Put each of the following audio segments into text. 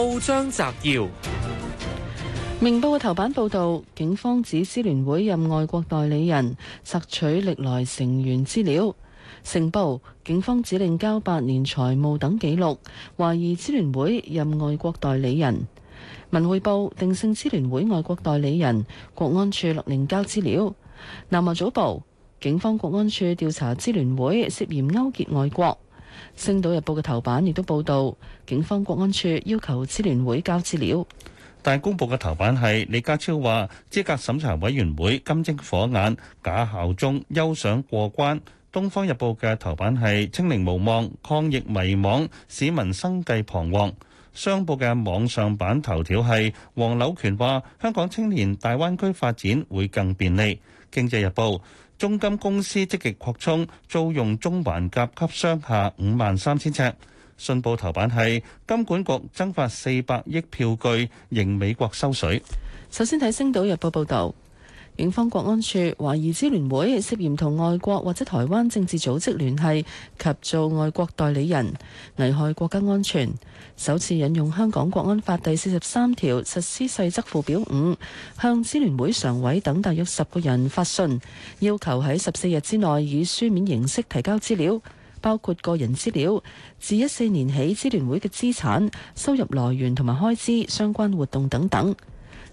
報章摘要：明報嘅頭版報道，警方指支聯會任外國代理人，索取歷來成員資料。成報警方指令交八年財務等紀錄，懷疑支聯會任外國代理人。文匯報定性支聯會外國代理人，國安處勒令交資料。南華早報警方國安處調查支聯會涉嫌勾結外國。星島日報嘅頭版亦都報道，警方國安處要求支聯會交資料。但公報嘅頭版係李家超話資格審查委員會金睛火眼，假效忠休想過關。東方日報嘅頭版係清零無望，抗疫迷惘，市民生計彷徨。商報嘅網上版頭條係黃柳權話香港青年大灣區發展會更便利。經濟日報。中金公司積極擴充租用中環甲級商廈五萬三千尺。信報頭版係金管局增發四百億票據迎美國收水。首先睇《星島日報》報道，報導。警方國安處懷疑支聯會涉嫌同外國或者台灣政治組織聯繫及做外國代理人，危害國家安全。首次引用香港國安法第四十三條實施細則附表五，向支聯會常委等大約十個人發信，要求喺十四日之內以書面形式提交資料，包括個人資料、自一四年起支聯會嘅資產、收入來源同埋開支、相關活動等等。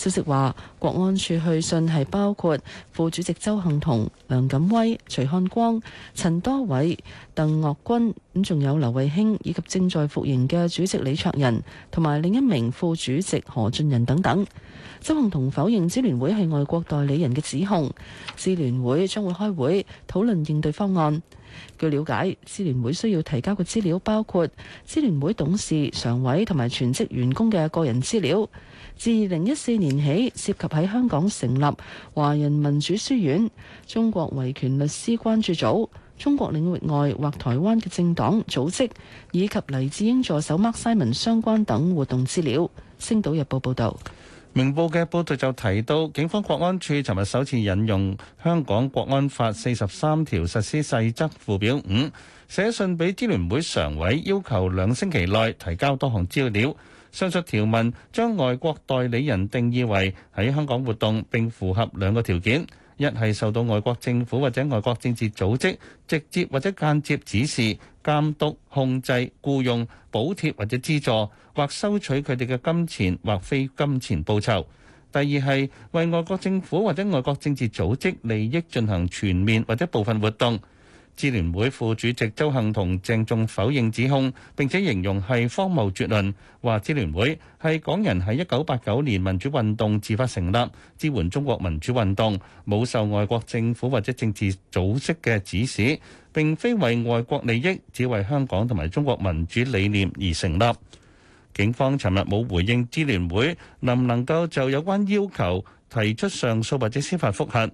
消息話，國安處去信係包括副主席鄒幸彤、梁錦威、徐漢光、陳多偉、鄧岳君，咁仲有劉慧卿以及正在服刑嘅主席李卓人，同埋另一名副主席何俊仁等等。鄒幸彤否認支聯會係外國代理人嘅指控。支聯會將會開會討論應對方案。據了解，支聯會需要提交嘅資料包括支聯會董事、常委同埋全職員工嘅個人資料。自二零一四年起，涉及喺香港成立華人民主書院、中國維權律師關注組、中國領域外或台灣嘅政黨組織，以及黎智英助手 Mark Simon 相關等活動資料。《星島日報》報道。明報嘅報導就提到，警方國安處尋日首次引用《香港國安法》四十三條實施細則附表五，寫信俾支聯會常委，要求兩星期內提交多項資料。上述條文將外國代理人定義為喺香港活動並符合兩個條件：一係受到外國政府或者外國政治組織直接或者間接指示、監督、控制、僱用、補貼或者資助，或收取佢哋嘅金錢或非金錢報酬；第二係為外國政府或者外國政治組織利益進行全面或者部分活動。支聯會副主席鄒幸彤鄭重否認指控，並且形容係荒謬絕倫，話支聯會係港人喺一九八九年民主運動自發成立，支援中國民主運動，冇受外國政府或者政治組織嘅指使，並非為外國利益，只為香港同埋中國民主理念而成立。警方尋日冇回應支聯會能唔能夠就有關要求提出上訴或者司法覆核。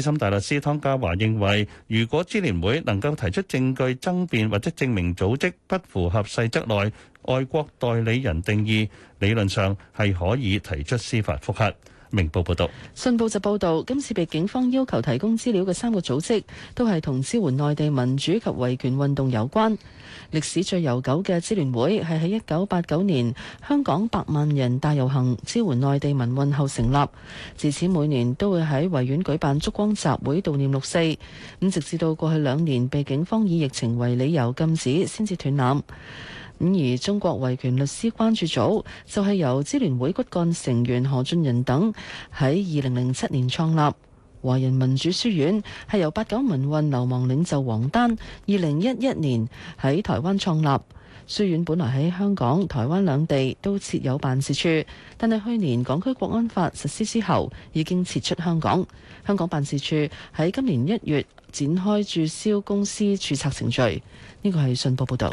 資深大律師湯家驊認為，如果支聯會能夠提出證據爭辯或者證明組織不符合細則內外國代理人定義，理論上係可以提出司法覆核。明報報導，信報就報導，今次被警方要求提供資料嘅三個組織，都係同支援內地民主及維權運動有關。歷史最悠久嘅支聯會係喺一九八九年香港百萬人大遊行支援內地民運後成立，自此每年都會喺維園舉辦燭光集會悼念六四。咁直至到過去兩年被警方以疫情為理由禁止，先至斷纜。咁而中國維權律師關注組就係、是、由支聯會骨幹成員何俊仁等喺二零零七年創立，華人民主書院係由八九民運流亡領袖王丹二零一一年喺台灣創立。書院本來喺香港、台灣兩地都設有辦事處，但係去年港區國安法實施之後，已經撤出香港。香港辦事處喺今年一月展開註銷公司註冊程序。呢個係信報報導。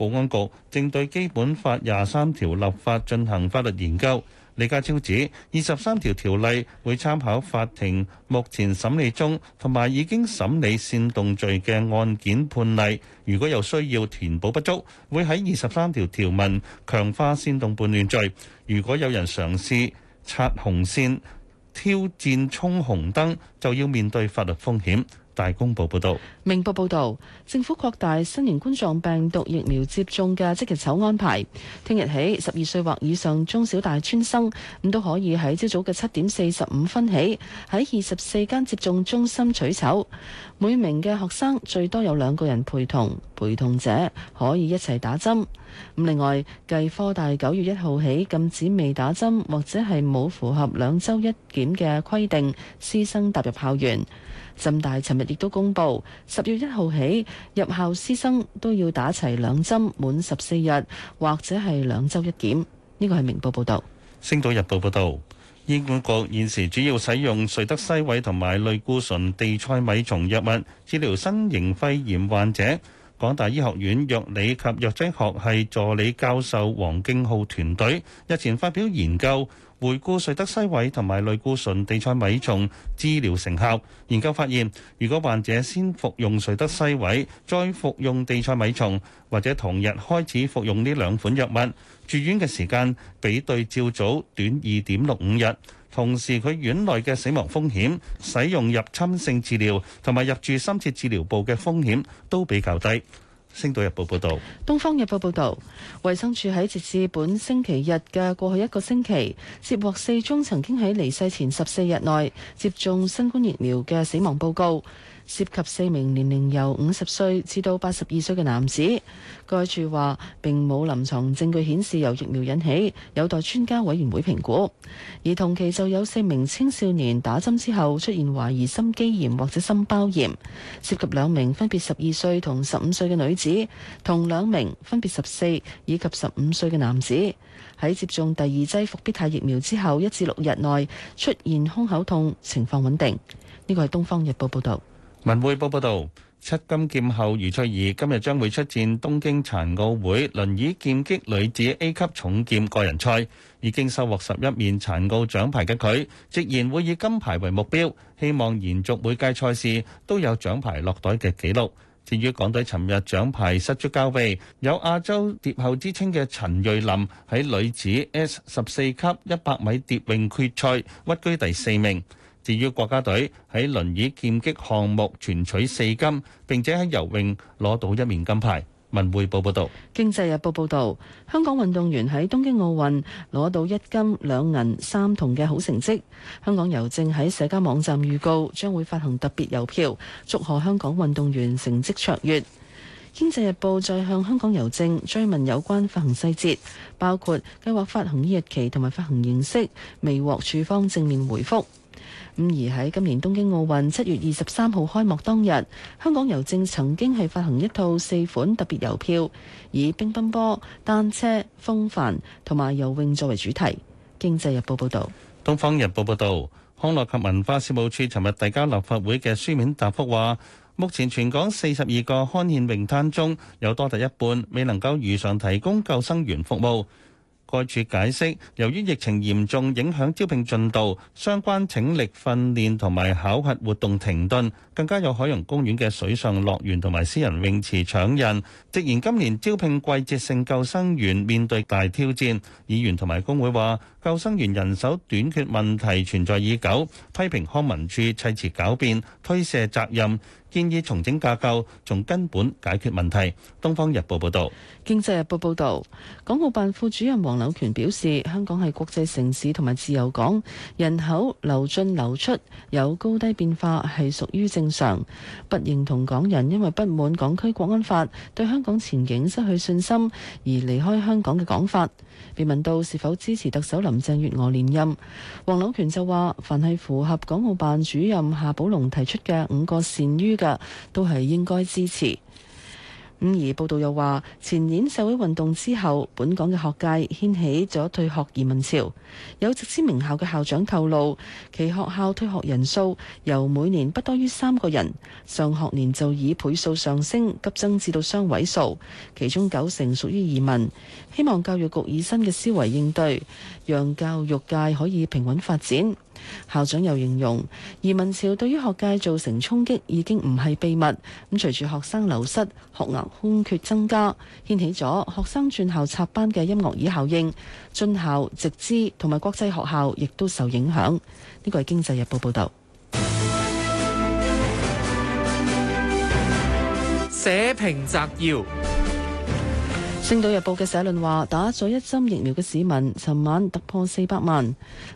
保安局正對《基本法》廿三條立法進行法律研究。李家超指，二十三條條例會參考法庭目前審理中同埋已經審理煽動罪嘅案件判例。如果有需要填補不足，會喺二十三條條文強化煽動叛亂罪。如果有人嘗試擦紅線、挑戰衝紅燈，就要面對法律風險。大公報報導，明報報導，政府擴大新型冠狀病毒疫苗接種嘅即日籌安排。聽日起，十二歲或以上中小大專生咁都可以喺朝早嘅七點四十五分起喺二十四間接種中心取籌。每名嘅學生最多有兩個人陪同，陪同者可以一齊打針。另外，繼科大九月一號起禁止未打針或者係冇符合兩週一檢嘅規定師生踏入校園。浸大尋日亦都公佈，十月一號起入校師生都要打齊兩針，滿十四日或者係兩週一檢。呢個係明報報導。星島日報報導，醫管局現時主要使用瑞德西韋同埋類固醇地塞米松藥物治療新型肺炎患者。港大醫學院藥理及藥劑學系助理教授黃敬浩團隊日前發表研究。回顧瑞德西韋同埋類固醇地塞米松治療成效，研究發現，如果患者先服用瑞德西韋，再服用地塞米松，或者同日開始服用呢兩款藥物，住院嘅時間比對照組短二點六五日，同時佢院內嘅死亡風險、使用入侵性治療同埋入住深切治療部嘅風險都比較低。星島日報報道，東方日報報道，衛生署喺截至本星期日嘅過去一個星期，接獲四宗曾經喺離世前十四日內接種新冠疫苗嘅死亡報告。涉及四名年齡由五十歲至到八十二歲嘅男子，該處話並冇臨床證據顯示由疫苗引起，有待專家委員會評估。而同期就有四名青少年打針之後出現懷疑心肌炎或者心包炎，涉及兩名分別十二歲同十五歲嘅女子，同兩名分別十四以及十五歲嘅男子，喺接種第二劑復必泰疫苗之後一至六日內出現胸口痛，情況穩定。呢個係《東方日報》報道。文匯報報道，七金劍后余翠怡今日將會出戰東京殘奧會輪椅劍擊女子 A 級重劍個人賽。已經收穫十一面殘奧獎牌嘅佢，直言會以金牌為目標，希望延續每屆賽事都有獎牌落袋嘅紀錄。至於港隊尋日獎牌失之交臂，有亞洲蝶后之稱嘅陳瑞琳，喺女子 S 十四級一百米蝶泳決賽屈居第四名。至於國家隊喺輪椅劍擊項目全取四金，並且喺游泳攞到一面金牌。文匯報報導，《經濟日報》報導，香港運動員喺東京奧運攞到一金兩銀三銅嘅好成績。香港郵政喺社交網站預告將會發行特別郵票，祝賀香港運動員成績卓越。經濟日報再向香港郵政追問有關發行細節，包括計劃發行日期同埋發行形式，未獲處方正面回覆。咁而喺今年東京奧運七月二十三號開幕當日，香港郵政曾經係發行一套四款特別郵票，以乒乓波、單車、風帆同埋游泳作為主題。經濟日報報導，東方日報報導，康樂及文化事務處尋日遞交立法會嘅書面答覆話，目前全港四十二個刊憲泳灘中，有多達一半未能夠如常提供救生員服務。該處解釋，由於疫情嚴重影響招聘進度，相關請力訓練同埋考核活動停頓，更加有海洋公園嘅水上樂園同埋私人泳池搶人。直言今年招聘季節性救生員面對大挑戰，議員同埋工會話救生員人手短缺問題存在已久，批評康文署砌詞狡辯，推卸責任。建議重整架構，從根本解決問題。《東方日報》報導，《經濟日報》報導，港澳辦副主任黃柳權表示，香港係國際城市同埋自由港，人口流進流出有高低變化係屬於正常。不認同港人因為不滿港區國安法對香港前景失去信心而離開香港嘅講法。被問到是否支持特首林鄭月娥連任，黃柳權就話：凡係符合港澳辦主任夏寶龍提出嘅五個善於。嘅都係應該支持。咁而報道又話，前年社會運動之後，本港嘅學界掀起咗退學移民潮。有直資名校嘅校長透露，其學校退學人數由每年不多於三個人，上學年就以倍數上升，急增至到雙位數，其中九成屬於移民。希望教育局以新嘅思維應對，讓教育界可以平穩發展。校長又形容，移民潮對於學界造成衝擊已經唔係秘密。咁隨住學生流失，學額空缺增加，掀起咗學生轉校插班嘅音樂椅效應。津校、直資同埋國際學校亦都受影響。呢個係《經濟日報》報道。社評摘要。《星島日報》嘅社論話，打咗一針疫苗嘅市民，尋晚突破四百萬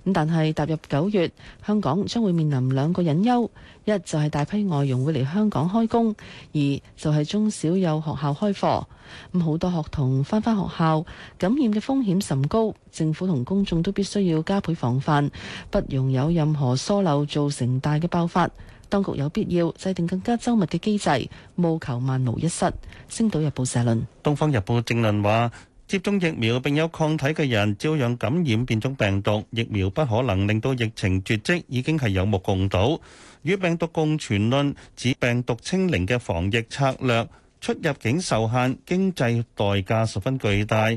咁，但係踏入九月，香港將會面臨兩個隱憂，一就係大批外傭會嚟香港開工，二就係中小有學校開課咁，好多學童返返學校，感染嘅風險甚高，政府同公眾都必須要加倍防範，不容有任何疏漏，造成大嘅爆發。當局有必要制定更加周密嘅機制，務求萬無一失。《星島日報》社論。《東方日報》嘅正論話，接種疫苗並有抗體嘅人，照樣感染變種病毒，疫苗不可能令到疫情絕跡，已經係有目共睹。與病毒共存論指病毒清零嘅防疫策略，出入境受限，經濟代價十分巨大。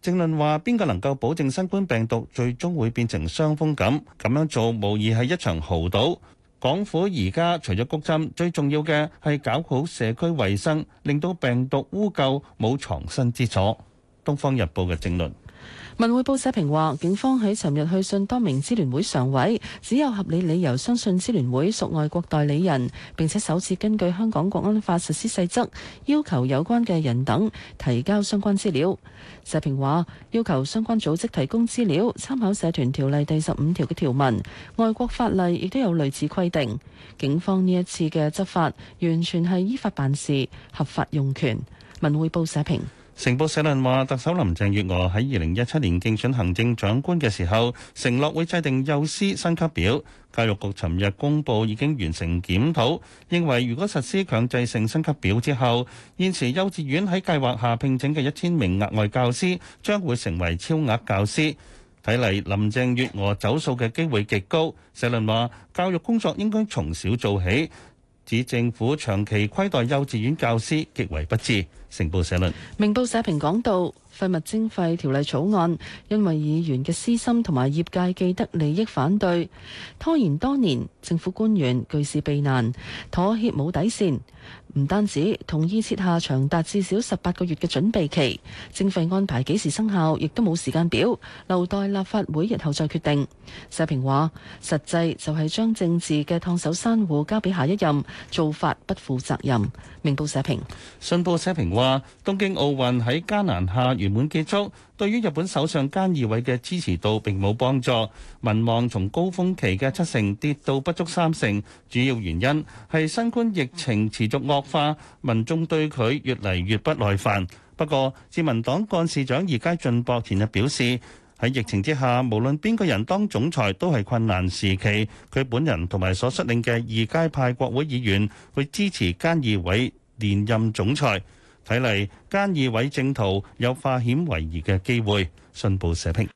正論話，邊個能夠保證新冠病毒最終會變成傷風感？咁樣做，無疑係一場豪賭。港府而家除咗谷針，最重要嘅係搞好社區衞生，令到病毒污垢冇藏身之所。《東方日報》嘅正論。文匯報社評話，警方喺尋日去信多名支聯會常委，只有合理理由相信支聯會屬外國代理人，並且首次根據香港國安法實施細則，要求有關嘅人等提交相關資料。社評話，要求相關組織提供資料，參考社團條例第十五條嘅條文，外國法例亦都有類似規定。警方呢一次嘅執法，完全係依法辦事，合法用權。文匯報社評。成報社論話，特首林鄭月娥喺二零一七年競選行政長官嘅時候，承諾會制定幼師薪級表。教育局尋日公布已經完成檢討，認為如果實施強制性薪級表之後，現時幼稚園喺計劃下聘請嘅一千名額外教師，將會成為超額教師。睇嚟林鄭月娥走數嘅機會極高。社論話，教育工作應該從小做起。指政府長期虧待幼稚園教師，極為不智。成報社論、明報社評講到：廢物徵費條例草案，因為議員嘅私心同埋業界既得利益反對，拖延多年，政府官員據事避難，妥協冇底線。唔單止同意設下長達至少十八個月嘅準備期，徵費安排幾時生效亦都冇時間表，留待立法會日後再決定。社評話，實際就係將政治嘅燙手山芋交俾下一任，做法不負責任。明報社評，信報社評話，東京奧運喺艱難下圓滿結束。對於日本首相菅義偉嘅支持度並冇幫助，民望從高峰期嘅七成跌到不足三成，主要原因係新冠疫情持續惡化，民眾對佢越嚟越不耐煩。不過，自民黨幹事長二階俊博前日表示，喺疫情之下，無論邊個人當總裁都係困難時期，佢本人同埋所率領嘅二階派國會議員會支持菅義偉連任總裁。睇嚟，菅義偉政途有化險為夷嘅機會，信報社評。